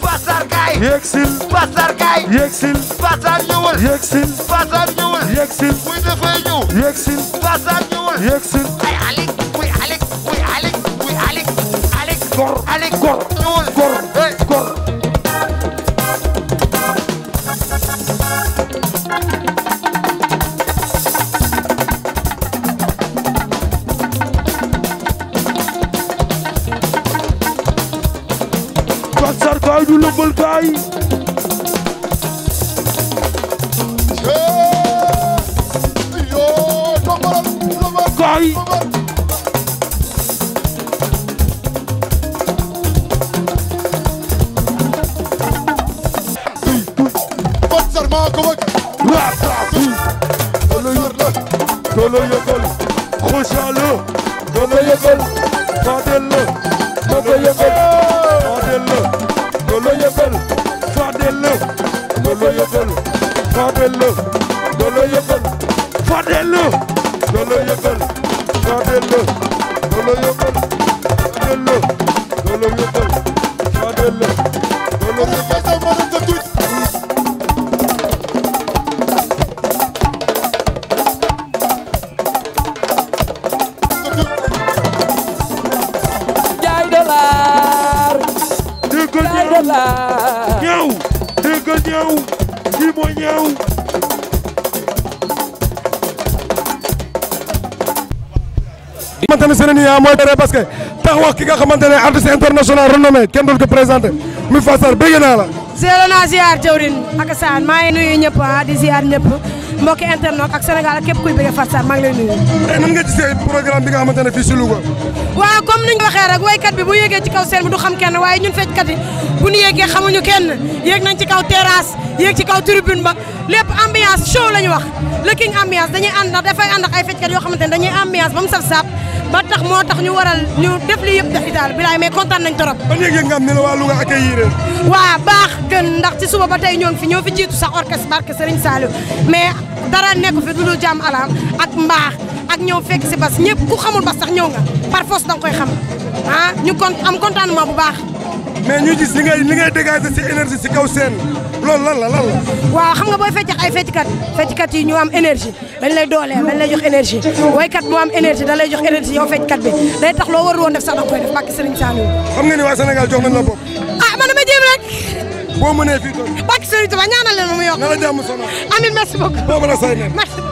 Pasar Gaye. yegsil Pasar Gaye. yegsil Pasar ñëwal. yegsil Pasar ñëwal. yegsil muy Alik muy Alik muy Alik muy Alik. Alik Alik gor ñëwal gor. kaay du lëmbal kaay kaay Dolo yëgal xosaalo dolo yëgal Bello dolo yëngal Fadelo dolo yëngal Fadelo dolo yëngal Fadelo dolo yëngal Fadelo dolo yëngal Ñaw déggal ñaw lii xamante ne Sénégal mooy tere parce que tax wax ki nga xamante ne artiste international renommé kenn doon ko présenté mi Fassar bëgg naa la. seelo jawrin ak saan maa ngi nuyu ñëpp ah di ziar ñëpp mbokki internet ak Sénégal ak képp kuy bëgg Fassar maa ngi lay nuyu. tey nan nga gisee programme xamante ne fii si waaw comme ni ñu waxee rek waykat bi bu yéegee ci kaw scène bi du xam kenn waaye ñun feckat yi bu ñu xamuñu kenn yéeg nañ ci kaw terrasse yéeg ci kaw tribune ba lépp ambiance show la ñu wax le king ambiance dañuy ànd ndax yoo xamante ne dañuy ambiance ba ba tax moo tax ñu waral ñu def li yëpp def daal bilaay mais kontaan nañ trop. ban yëg-yëg nga am ne la waa Louga accueillir waa baax gën ndax ci suba ba tey ñoo fi ñoo fi jiitu sax orchestre barke Serigne Saliou mais dara nekk fi du lu alaam ak mbaax ak ñëw fekk si bas ñëpp ku xamul bas sax ñëw nga par force danga koy xam ah ñu kon am contentement bu baax. mais ñu gis li ngay li ngay dégager ci énergie ci kaw seen loolu lan la lan la. waaw xam nga booy fecc ay fecckat fecckat yi ñu am énergie. dañ lay dooleel dañ lay jox énergie waykat bu am énergie da lay jox énergie yow fecc kat bi day tax loo war woon def sax da nga koy def bàkk Serigne Saliou xam nga ni waa Sénégal jox nañ la bopp ah man dama jéem rek boo mënee fii toog bàkk Serigne Touba ñaanal leen mu yokk na la jàmm sonal amin merci beaucoup boo mën a say merci